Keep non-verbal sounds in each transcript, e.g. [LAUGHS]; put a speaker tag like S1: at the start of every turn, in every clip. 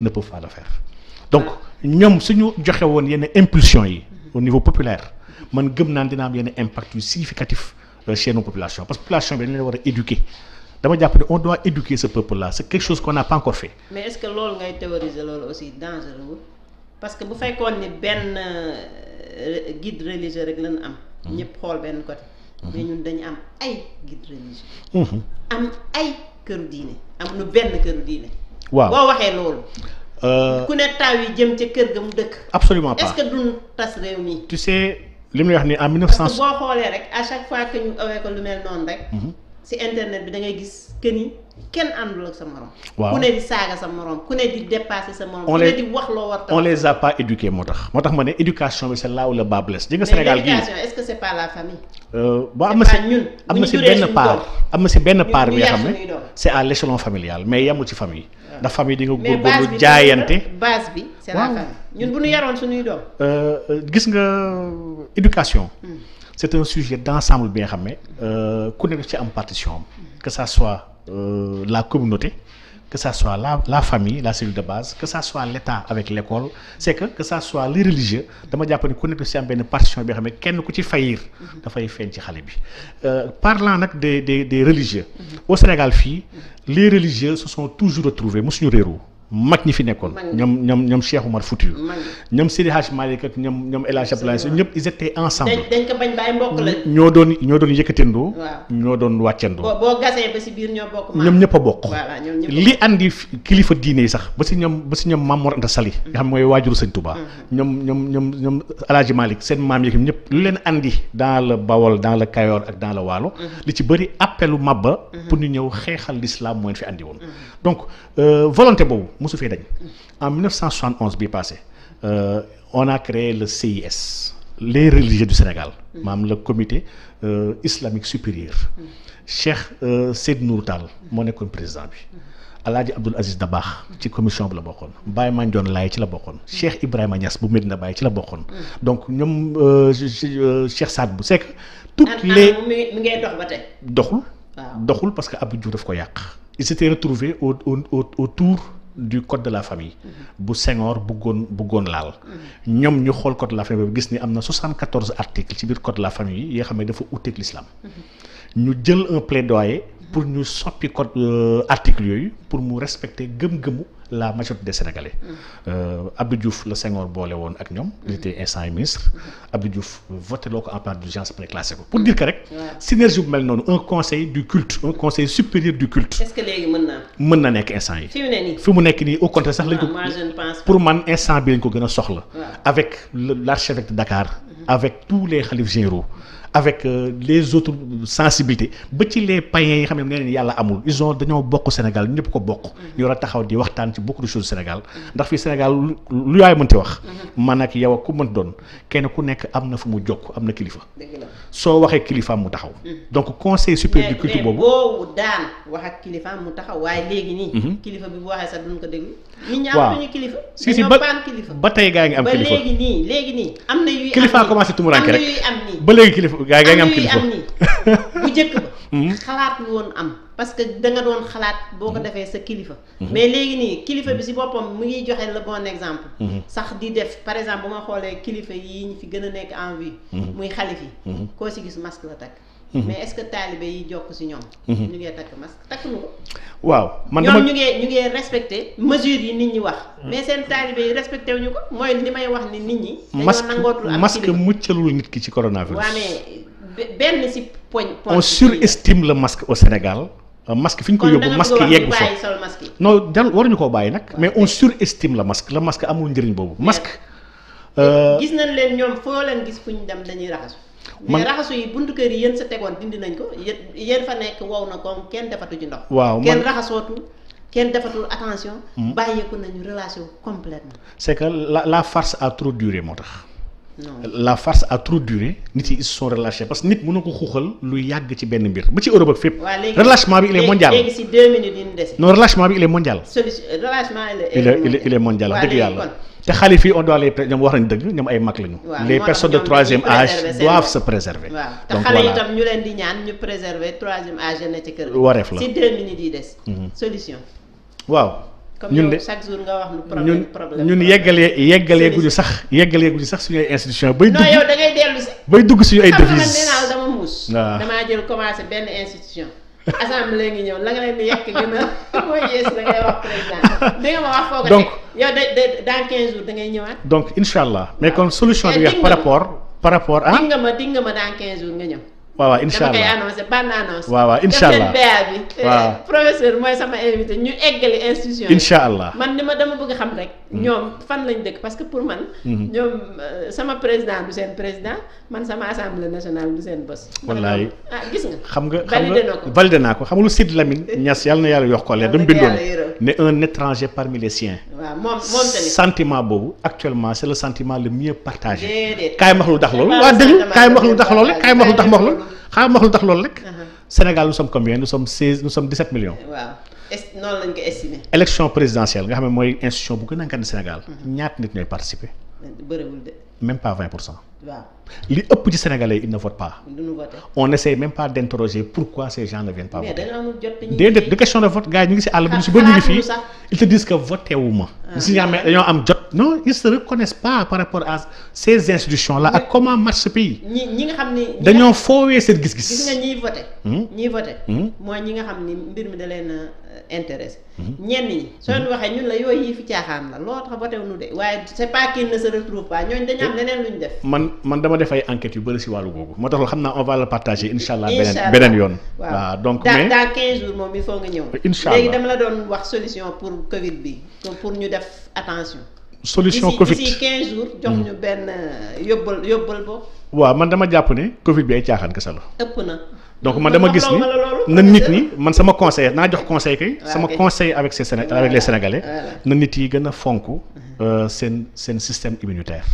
S1: ne peuvent pas le faire donc ñoom suñu joxe woon yenn impulsion yi au niveau populaire man gëm naan dina am yenn impact yu significatif euh, chez nos populations parce que population bi dañ leen war a éduquer dama jàpp ne on doit éduquer ce peuple là c'est
S2: parce que bu fekkoon ni benn euh, guide religieux rek lañ am. Mmh. ñëpp xool benn côté. Mmh. mais ñun dañu am ay guide religieux. Mmh. am ay këru diine am nu benn këru diine. waaw boo waxee loolu.
S1: Euh, ku ne
S2: taaw yi jëm ca kër ga mu dëkk.
S1: absolument parce que
S2: duñ tas réew mi.
S1: tu sais li muy wax ni en 1900. parce que boo
S2: xoolee rek à chaque fois que ñu awee ko lu mel noonu rek. Mhm. ci internet bi da ngay gis que kenn àndul ak sa morom. waaw ku ne di saaga sa morom ku ne di dépasser sa morom. ku ne di wax loo war on les
S1: a pas moo tax. moo tax ma ne éducation bi c'est là où le bas blesse. di nga Sénégal gii
S2: la famille.
S1: Euh, boo am na si am na si benn part am na si benn part bi nga xam ne c'est à l'échelon familial mais yemul ci famille. ndax famille di nga góorgóorlu jaayante
S2: base bi c'est la famille ñun bu ñu yaroon suñuy doom.
S1: Euh, euh, gis nga éducation. Hmm. c'est un sujet d'ensemble bi nga xam ne ku nekk ci am partition am que ça soit euh, la communauté que ça soit la la famille la cellule de base que ça soit l'État avec l'école c'est que que ça soit les religieux dama jàpp ne ku nekk ci am benn partition bi nga xam ne kenn ku ci faillir dafay feeñ ci xale bi euh, parlant nag de de des religieux au Sénégal fii les religieux se sont toujours retrouvés mosuñu réeroo mag ñi fi nekkoon. ñoom ñoom ñoom Cheikh Omar Foutiyou. ñoom Seydi Hadj Malick ak ñoom ñoom El Hadj Abdoulaye Sy ñëpp ils ensemble. ñoo doon ñoo doon yëkkatendoo. ñoo doon wàccendoo. boo ñoom ñëpp a bokk. li andi kilifa diine yi sax ba si ñoom ba si ñoom Maam Mor Anta Sali. nga xam mooy waajuru Sëñ Touba. Mm-hmm. ñoom ñoom ñoom ñoom seen maam yeeg ñëpp lu leen andi. daal le Bawol dans le Kayoor ak dans Waalo. Mm-hmm. li ci bëri appelu Mabba. Mm-hmm. pour ñu ñëw xeexal l'islam moo fi andi woon donc euh, volonté boobu mosu fee dañ en 1971 bii passé euh, on a le CIS les religieux du Sénégal mm. maam le comité euh, islamique supérieur mm. Cheikh euh, Seydou Nourou Tall moo nekkoon président bi mm. Alaaji Abdoul Aziz Dabaax ci commission bi la bokkoon Baye Mandione Laye ci la bokkoon Cheikh Ibrahima Niass bu na Baye ci la bokkoon donc ñoom euh, euh, Cheikh Saad bu Seck toutes ah, les ah,
S2: mi
S1: doxul doxul parce que Abdou Diouf daf ko yàq il s'était retrouvé au au autour du code de la famille bu Senghor bëggoon bëggoon laal ñoom ñu xool code la famille boobu gis ni am na 74 articles ci biir code la famille yi nga xam ne dafa uteeg l'islam mhm. ñu jël un plaidoyer pour ñu soppi code euh, article yooyu pour mu respecter gëm-gëmu la majorité des sénégalais. Mm. Euh, Abdou Diouf la Senghor boole woon ak ñoom. Mm. il était instant yi ministre. Mm. Abdou Diouf euh, loo ko en plan d'urgence préclassé ko. pour dire que rek. synergie bu mel noonu un conseil du culte un conseil supérieur du culte. mën na nekk instant yi.
S2: fi
S1: mu nekk nii au contraire sax lañ ko.
S2: Ah, pour
S1: man instant bi lañ ko gën a soxla. avec l'archevêque de Dakar. Mm-hmm. avec tous les khalifes généraux. avec euh, les autres sensibilités ba ci les païens yi xam ne yàlla amul ison ont dañoo bokk Sénégal ñëpp ko bokk. ñu war a taxaw di waxtaan ci beaucoup de choses Sénégal ndax fii Sénégal lu yaay mënti wax. man ak yow ku mënti doon kenn ku nekk am na fu mu jokk am na kilifa. soo waxee kilifaam mu taxaw. Mm. donc conseil supérieur du culte boobu boobu
S2: daan wax ak mm-hmm. bi bu waxee sax duñ ko déglu. ñi ñaamatuñu kilifa. si si ba
S1: ba tey gaa ngi am kilifa ba léegi
S2: nii léegi am na kilifa commencé tumuraanke rek ba
S1: léegi kilifa gaa yi nga am kilifa
S2: [LAUGHS] bu njëkk hmm? xalaat woon am parce que da doon xalaat boo ko hmm. defee sa kilifa. Hmm. mais léegi nii kilifa bi si boppam mu ngiy joxe la bon exemple. sax di def par exemple bu ma xoolee kilifa yi ñu fi gën a nekk en vie. muy xalif yi. koo si gis masque la takk. Mhm. mais est-ce que taalibe yi jokk si ñoom. Mhm. ñu ngee
S1: waaw man dama ñoom ñu ngee ñu
S2: ngee respecté mesures yi nit ñi wax. Mhm. mais seen taalibe yi respecté wuñu ko mooy li may wax ni nit ñi. dañoo nangootul am masque
S1: masque muccalul nit ki ci coronavirus.
S2: benn si poñ. on surestime
S1: le masque au Sénégal. Euh, masque fi ñu ko yóbbu masque yeggu fa non dal waruñu koo bàyyi nag mais on surestime la masque la masque amul njëriñ boobu masque. gis euh,
S2: nañ leen ñoom foo leen gis fu ñu dem dañuy raxasu man mais raxasu yi buntu kër yi yéen sa tegoon dindi nañ ko yéen fa nekk wow na kon kenn defatu ci ndox. waaw man kenn raxasootu kenn defatul attention. Hmm. bàyyeeku nañu relation complètement
S1: c'est que la la farce à trop duré moo tax. la farce a trop duré nit yi ils se sont relâchés parce que nit mën na ko xuuxal lu yàgg ci benn mbir ba ci Europe ak fépp. relâchement bi il est mondial léegi
S2: yi ñu dese. non
S1: relâchement bi il est mondial.
S2: solution relâchement
S1: il est. yàlla. te xalif yi on doit les ñoom wax nañ dëgg ñoom ay mag lañu les personnes de troisième âge doivent se préserver te xale yi tam
S2: ñu leen di ñaan ñu préserver troisième âge na ci kër la si deux minutes yi des mhm. solution
S1: waaw ñun de chaque jour nga wax lu problème problème ñun yeggalee yeggalee guñu sax yeggalee guñu sax suñu ay institution bay dugg si bay dugg suñu ay devise
S2: dama muus waaw ah. jël commencé benn institution assemblée ngi ñëw la nga leen yekk gën a mooy ma wax foo ko donc yow de de dans 15 jours da ngay ñëwaat.
S1: donc incha allah mais kon solution bi nga par rapport par rapport ah. di
S2: nga ma di nga ma dans 15 jours nga ñëw.
S1: waaw waaw allah dama koy
S2: annoncé ban annonce. waaw waaw incha allah waaw euh, professeur mooy sama invité ñu eggali institution. incha allah man li ma dama bëgg xam rek. Mm-hmm. ñoom fan lañ dëkk parce que pour man. Mm-hmm. ñoom euh, sama président du seen président man sama assemblée nationale du seen bos. wallaay ah, gis nga.
S1: xam nga validé na ko validé naa ko xam nga lu Sidy Lamine [LAUGHS] yàlla na yàlla yox ko leer. dama bindoon ne un étranger parmi les siens. waaw moom sentiment boobu actuellement c' est sentiment le mieux
S2: ma
S1: wax lu tax loolu. waaw dégg kaay ma xaaral ma wax lu tax loolu rek. Sénégal nous sommes combien nous sommes 16 nous sommes 17 millions.
S2: waaw noonu lañ ko estimé.
S1: élection présidentielle nga xam ne mooy institution bu gën a ngand Sénégal. ñaata nit ñooy participer. li ëpp ci sénégalais ils ne votent pas. on essaie même pas d' interroger pourquoi ces gens ne viennent pas. mais déedéet de question de vote gars ñu ngi si àll bi ñu si bëri ñu ngi fii. ils te disent que voté ma. Ah. si nga xam ne dañoo am jot. non ils se pas par rapport à ces institutions là ak comment marche ce pays.
S2: ñi ñi nga xam ni. Hmm? Hmm? mbir mi da leen a euh, intéressé. Hmm? ñenn ñi. soo leen waxee ñun la yooyu yi fi caaxaan la loo tax voté de waaye se retrouvent pas ñooñu dañu am neneen luñ def
S1: man man dama def ay enquêtes yu bëri si wàllu googu moo tax loolu xam naa on va partager incha beneen beneen yoon waaw donc mais dans
S2: quinze jours moom il faut nga ñëw incha léegi dama la doon wax solution pour covid bi pour ñu def attention
S1: solution covid d'ici
S2: quinze jours jox mm. ñu benn euh, yóbbal yóbbal bo
S1: waaw man dama jàpp ne covid bi ay caaxaan kese la ëpp na donc man dama gis ni na nit ñi man sama conseil naa jox conseil kay sama conseil avec ces Séné na nit yi gën a fonk euh, seen seen système immunitaire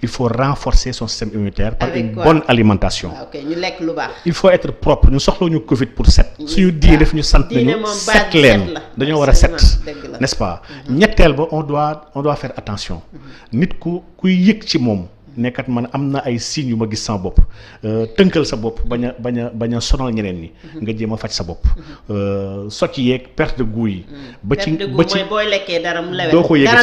S1: il faut renforcer son système immunitaire par une bonne alimentation ah, ñu lekk lu il faut être propre ñu soxla ñu Covid pour set suñu diine def ñu sant ah, nañu set leen dañoo war a set n'est-ce pas mhm. ñetteel ba on doit on doit attention mhm. nit ku kuy yëg ci moom nekkat man am na ay signes yu ma gis sama bopp euh, tënkal sa bopp bañ a bañ a bañ a sonal ñeneen ñi. Mhm. nga jéem a faj sa bopp. Mhm. Euh, socc yeeg perte de goût yi. Mhm. ba ci ba ci
S2: booy lekkee dara mu lewee doo ko yëg dara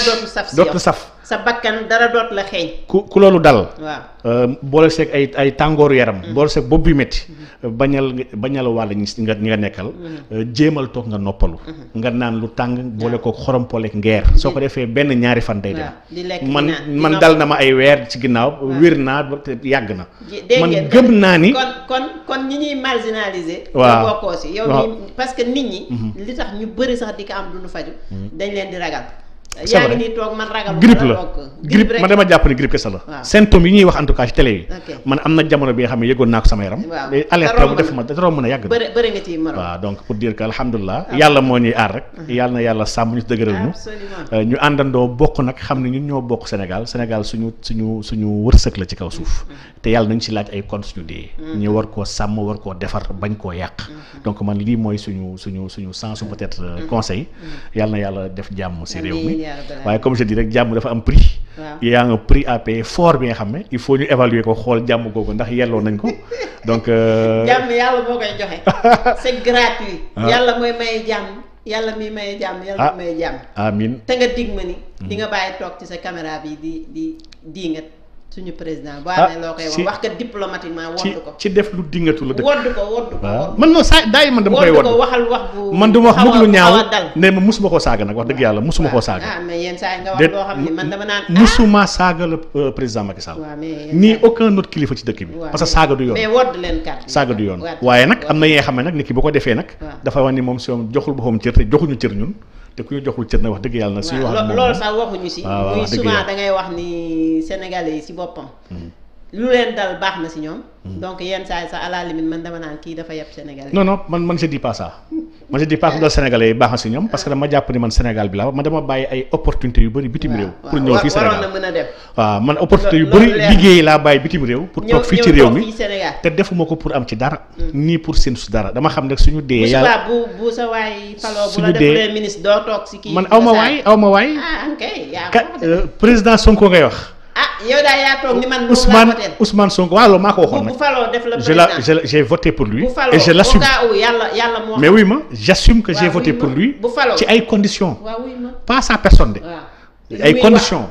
S2: dootu saf sa bakkan dara doot la xeeñ.
S1: ku ku loolu dal. waaw euh, boole seeg ay tàngooru yaram. Mm-hmm. boole seeg bopp bi métti. Mm-hmm. bañal bañal wàll ñi nga ñi nga nekkal. Mm-hmm. Euh, jéemal toog nga noppalu. nga naan lu tàng boole ko xorom ngeer. soo ko defee benn ñaari fan day dem.
S2: man man dal
S1: na ma ay weer ci ginnaaw. wér naa yàgg na.
S2: man gëm naa ni. kon kon ñi ñuy marginaliser. waaw bokkoo si yow. parce que nit ñi. li tax ñu bëri sax di ko am du ñu faju dañ leen di ragal. c'est vrai yaa ngi la grippe man dama jàpp
S1: ni grippe kese la. waaw symptômes yi ñuy wax en tout cas ci télé yi. man am na jamono bi xam ne yëgoon naa ko sama yaram. waaw alerte la bu def ma yàgg. waaw donc pour dire alhamdulilah. Ah. yàlla moo ñuy aar rek. Ah. yàlla na yàlla sàmm ñu dëgëral ñu. Euh, ñu àndandoo bokk nag xam ne ñu ñoo bokk Sénégal Sénégal suñu suñu suñu wërsëg la ci kaw suuf. Mm-hmm. te yàlla nañ si laaj ay compte suñu dee. Mm-hmm. ñu war koo sàmm war koo defar bañ koo yàq. Mm-hmm. donc man lii mooy suñu suñu suñu sensu peut-être euh, conseil yàlla na yàlla def jàmm ci réew mi waaye comme je dis rek jàmm dafa am prix. yaa nga prix à payer bi nga xam ne il faut ñu évaluer ko xool jàmm googu ndax yelloo nañ ko [LAUGHS] donc. Euh, jàmm
S2: yàlla moo koy joxe. [LAUGHS] c'est gratuit. Ah. yàlla mooy maye jàmm. yàlla mi maye jàmm yàlla ah. mi maye jàmm. amiin te nga dig ma ni. di hmm. nga bàyyi toog ci sa caméra bi di di di suñu président ah, boo amee loo koy wax wax ko diplomatiquement wodd ko
S1: ci def lu dingatu la dëkk mën na wodd ko man moom saa daay man dama koy wodd ko
S2: waxal wax man duma wax mukk lu ñaaw
S1: ne ma musuma ko saaga nag wax dëgg yàlla musuma koo ah, saaga
S2: ah mais yenn saa yi nga wax loo xam ne man ah. euh,
S1: nii aucun kilifa ci dëkk bi parce que saaga du yoon
S2: mais
S1: saaga du yoon waaye nag am na yee xam ne nag nit ki bu ko defee nag dafa wax ni moom si moom joxul boppam cër te joxuñu cër ñun te ku ñu joxul cër na wax dëgg yàlla na. suñu wax moom loolu ah. sax waxuñu si. Ah, waaw souvent da
S2: ngay wax nii sénégalais yi si boppam. Mm-hmm. lu leen dal baax na si ñoom. Hmm. donc yenn saa yi sax à la man dama naan kii dafa yeb Sénégal. non
S1: man man je dis pas ça. man je dis pas que loolu baax na si ñoom parce que dama jàpp ni man Sénégal bi ma dama bàyyi opportunité yu bëri bitim réew. pour ñëw fii Sénégal a def. waaw man opportunité yu bëri liggéey laa bàyyi bitim réew. pour toog fii ci réew te defuma ko pour am ci dara. Hmm. nii pour seen su dara dama xam ne suñu dee. yàlla
S2: bu bu sa waay faloo bu la defee ministre doo toog si kii man aw ah, ma waay aw ma waay
S1: président Sonko ngay wax
S2: ah yow daal yaa toog ni man. Ousmane
S1: Ousmane Sonko waaw loolu maa ko waxoon la yàlla
S2: yàlla moo mais
S1: ma j'assume que j'ai voté pour ci ay conditions. pas sa personne de. ay conditions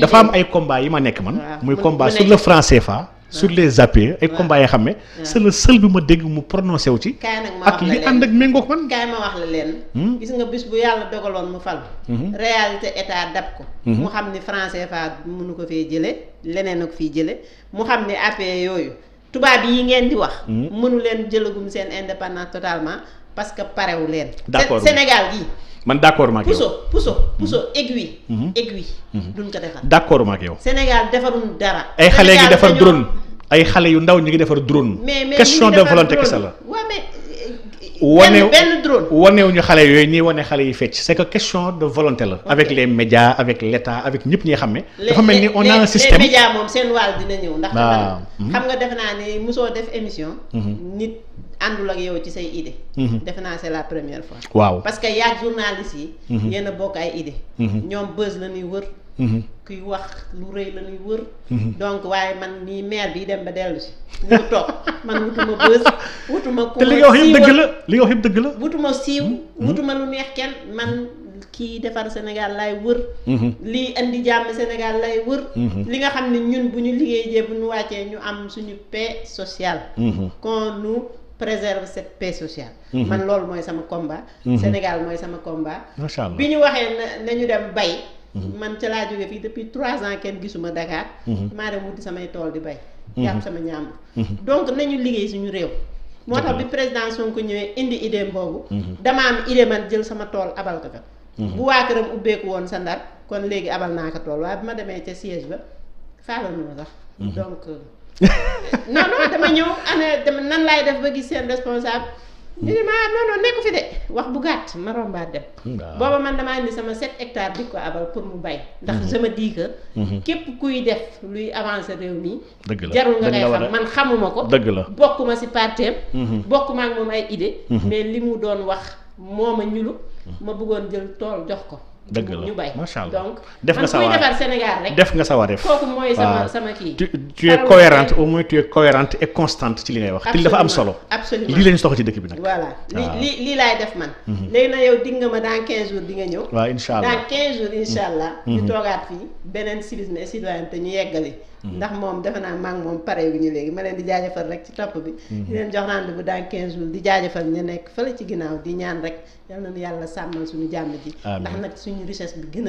S1: dafa am ay combats yi ma nekk man. muy combat sur le franc CFA. sur les zappé ay combat yoo xam ne. c'est le seul bi ma dégg mu prononcé wu ci. ak li ànd ak méngoog
S2: man. kaay ma wax la leen. Hmm? gis nga bis bu yàlla dogaloon mu fal. Hmm? réalité état dab ko. Hmm? mu xam ni français fa mënu ko fee jëlee leneen ak fii jëlee mu xam ni AP e yooyu tubaab yi ngeen di wax. mënu leen jëlagum seen indépendance totalement. parce que parewu leen. d'accord Sénégal gii.
S1: man d'accord ma ak yow puso mhm.
S2: puso puso aiguille. Mhm. aiguille. Mhm. duñ ko defar
S1: d'accord ma yow.
S2: Sénégal defarul dara.
S1: ay xale ngi defar drone ay xale yu ndaw ñu ngi defar drone. mais question de volonté kese la. waaw mais benn drone waneew ñu xale yooyu ñuy wane xale yi fecc c'est que question de volonté la. avec les média avec l'État avec ñëpp ñi xam ne. dafa mel ni on un système
S2: moom seen wàll dina ñëw. ndax ah. xam nga defe naa ne mosoo def émission. nit. andul ak yow ci say idée mhm. defe naa c'est la première fois waaw parce que yaag journaliste yi mhm. yéen a bokk ay idée mhm. ñoom buzz la ñuy wër kuy wax lu rëy la ñuy wër donc waaye man nii mair bi dem ba dellu
S1: si mu toog
S2: man wutuma buzz wutuma ku [LAUGHS] te li nga wax yëpp dëgg la li nga wax yëpp dëgg wutuma siiw wutuma lu neex kenn man kii defar Sénégal lay wër lii indi jàmm Sénégal lay wër li nga xam ne ñun bu ñu liggéey jee bu ñu wàccee ñu am suñu paix social qu'on nous préserve cette paix sociale. Mhm. man loolu mooy sama combat. Mhm. Sénégal mooy sama combat. macha allah bi ñu waxee na ñu dem bay. Mhm. man ca laa jógee fii depuis trois ans kenn gisuma Dakar. maa dem wuti samay tool di bay. yàpp sama ñaam. donc nañu liggéey suñu réew. moo tax bi président Sonko ñëwee indi idée boobu. dama am idée jël sama tool abal ko bu waa këram ubbeeku woon sa ndar kon léegi abal naa ko tool waaye bi ma demee ca siège ba faaloon ma sax. donc. Euh, [LAUGHS] non non dama ñëw ana nan laay def ba gis seen responsable. ñu ne ma ah, fi de wax bu gàtt ma rombaat dem. booba man damaa indi sama 7 hectares di ko abal pour mu bay. ndax sama mhm. me dis mhm. képp kuy def luy avancer réew mi. dëgg la jarul nga ngay xam man xamuma ko. dëgg la bokkuma si parteem. Mhm. bokkuma ak moom ay idée mais li mu doon wax moo ma ñulu ma bëggoon jël tool jox ko. dëgg la macha allah donc def nga sa def
S1: nga sa wareef kooku mooy sama
S2: sama kii tu tu es cohérente au
S1: moins tu et constante ci li ngay wax te li dafa am solo absolument lii lañu soxla ci dëkk bi nag
S2: voilà li li lii laay def man mhm. léegi na yow dig nga ma dans quinze jours di ñëw
S1: waaw incha allah dans
S2: quinze jours incha mhm. allah ñu mhm. toogaat fii beneen civisme et citoyenneté ñu yeggali Mhm. ndax moom defe naa maa ngi moom pare wu ñu léegi ma leen di jaajëfal rek ci topp bi mhm. di leen jox rendez-vous dans quinze jours di jaajëfal ñu nekk fële ci ginnaaw di ñaan rek yal nañu yàlla sàmmal suñu jàmm ji ndax nag suñu richesse bi gën a